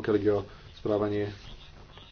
pokiaľ ide o správanie